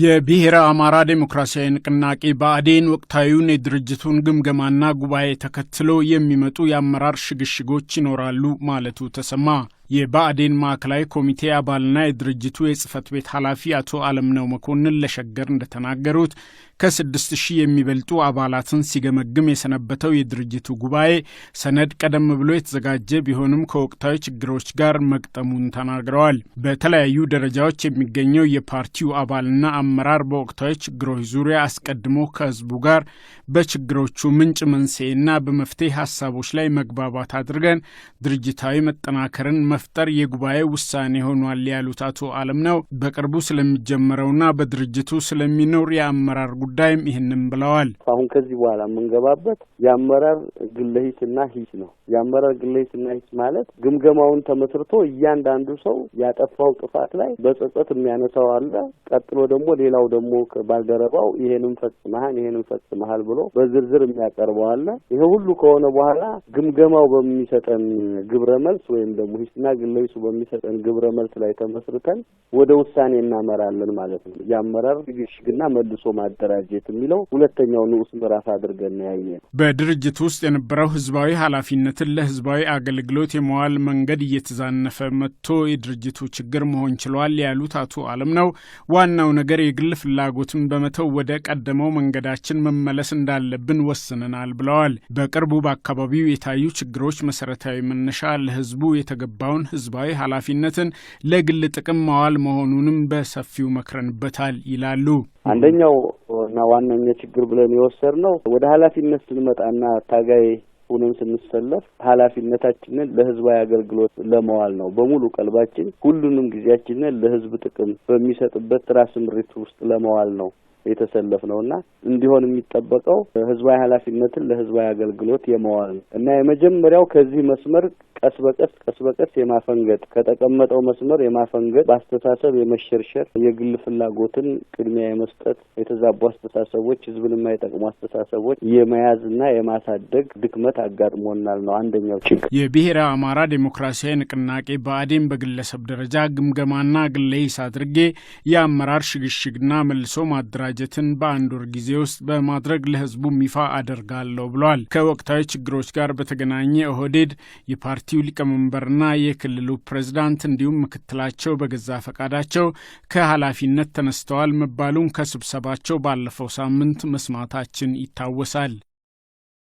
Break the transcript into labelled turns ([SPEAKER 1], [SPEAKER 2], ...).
[SPEAKER 1] የብሔረ አማራ ዴሞክራሲያዊ ንቅናቄ ብአዴን ወቅታዊውን የድርጅቱን ግምገማና ጉባኤ ተከትሎ የሚመጡ የአመራር ሽግሽጎች ይኖራሉ ማለቱ ተሰማ። የባዕዴን ማዕከላዊ ኮሚቴ አባልና የድርጅቱ የጽህፈት ቤት ኃላፊ አቶ አለምነው መኮንን ለሸገር እንደተናገሩት ከስድስት ሺህ የሚበልጡ አባላትን ሲገመግም የሰነበተው የድርጅቱ ጉባኤ ሰነድ ቀደም ብሎ የተዘጋጀ ቢሆንም ከወቅታዊ ችግሮች ጋር መቅጠሙን ተናግረዋል። በተለያዩ ደረጃዎች የሚገኘው የፓርቲው አባልና አመራር በወቅታዊ ችግሮች ዙሪያ አስቀድሞ ከህዝቡ ጋር በችግሮቹ ምንጭ፣ መንስኤና በመፍትሄ ሀሳቦች ላይ መግባባት አድርገን ድርጅታዊ መጠናከርን መፍጠር የጉባኤ ውሳኔ ሆኗል ያሉት አቶ ነው በቅርቡ ስለሚጀመረውና በድርጅቱ ስለሚኖር የአመራር ጉዳይም ይህንም ብለዋል።
[SPEAKER 2] አሁን ከዚህ በኋላ የምንገባበት የአመራር ግለሂትና ሂስ ነው። የአመራር ግለሂትና ሂት ማለት ግምገማውን ተመስርቶ እያንዳንዱ ሰው ያጠፋው ጥፋት ላይ በጸጸት የሚያነሳው አለ። ቀጥሎ ደግሞ ሌላው ደግሞ ባልደረባው ይሄንም ፈጽመሃል፣ ይሄንም ፈጽመሃል ብሎ በዝርዝር የሚያቀርበው አለ። ይሄ ሁሉ ከሆነ በኋላ ግምገማው በሚሰጠን ግብረ መልስ ወይም ደግሞ ሂስና ግለሰቡ በሚሰጠን ግብረ መልስ ላይ ተመስርተን ወደ ውሳኔ እናመራለን ማለት ነው። የአመራር ሽግና መልሶ ማደራጀት የሚለው ሁለተኛው ንዑስ ምዕራፍ አድርገን ያየ
[SPEAKER 1] በድርጅት ውስጥ የነበረው ህዝባዊ ኃላፊነትን ለህዝባዊ አገልግሎት የመዋል መንገድ እየተዛነፈ መጥቶ የድርጅቱ ችግር መሆን ችሏል ያሉት አቶ አለም ነው ዋናው ነገር የግል ፍላጎትን በመተው ወደ ቀደመው መንገዳችን መመለስ እንዳለብን ወስነናል ብለዋል። በቅርቡ በአካባቢው የታዩ ችግሮች መሰረታዊ መነሻ ለህዝቡ የተገባውን ያለውን ህዝባዊ ኃላፊነትን ለግል ጥቅም ማዋል መሆኑንም በሰፊው መክረንበታል ይላሉ።
[SPEAKER 2] አንደኛው እና ዋነኛ ችግር ብለን የወሰድነው ወደ ኃላፊነት ስንመጣና ታጋይ ሁነን ስንሰለፍ ኃላፊነታችንን ለህዝባዊ አገልግሎት ለመዋል ነው። በሙሉ ቀልባችን ሁሉንም ጊዜያችንን ለህዝብ ጥቅም በሚሰጥበት ስራ ስምሪት ውስጥ ለመዋል ነው። የተሰለፍ ነው እና እንዲሆን የሚጠበቀው ህዝባዊ ኃላፊነትን ለህዝባዊ አገልግሎት የመዋል እና የመጀመሪያው ከዚህ መስመር ቀስ በቀስ ቀስ በቀስ የማፈንገጥ ከተቀመጠው መስመር የማፈንገጥ በአስተሳሰብ የመሸርሸር የግል ፍላጎትን ቅድሚያ የመስጠት የተዛቡ አስተሳሰቦች ህዝብን የማይጠቅሙ አስተሳሰቦች የመያዝና የማሳደግ ድክመት አጋጥሞናል ነው አንደኛው
[SPEAKER 1] ችግር። የብሔራዊ አማራ ዴሞክራሲያዊ ንቅናቄ ብአዴን በግለሰብ ደረጃ ግምገማና ግለይስ አድርጌ የአመራር ሽግሽግና መልሶ ማደራ አደረጃጀትን በአንድ ወር ጊዜ ውስጥ በማድረግ ለህዝቡም ይፋ አደርጋለሁ ብለዋል። ከወቅታዊ ችግሮች ጋር በተገናኘ ኦህዴድ የፓርቲው ሊቀመንበርና የክልሉ ፕሬዝዳንት እንዲሁም ምክትላቸው በገዛ ፈቃዳቸው ከኃላፊነት ተነስተዋል መባሉን ከስብሰባቸው ባለፈው ሳምንት መስማታችን ይታወሳል።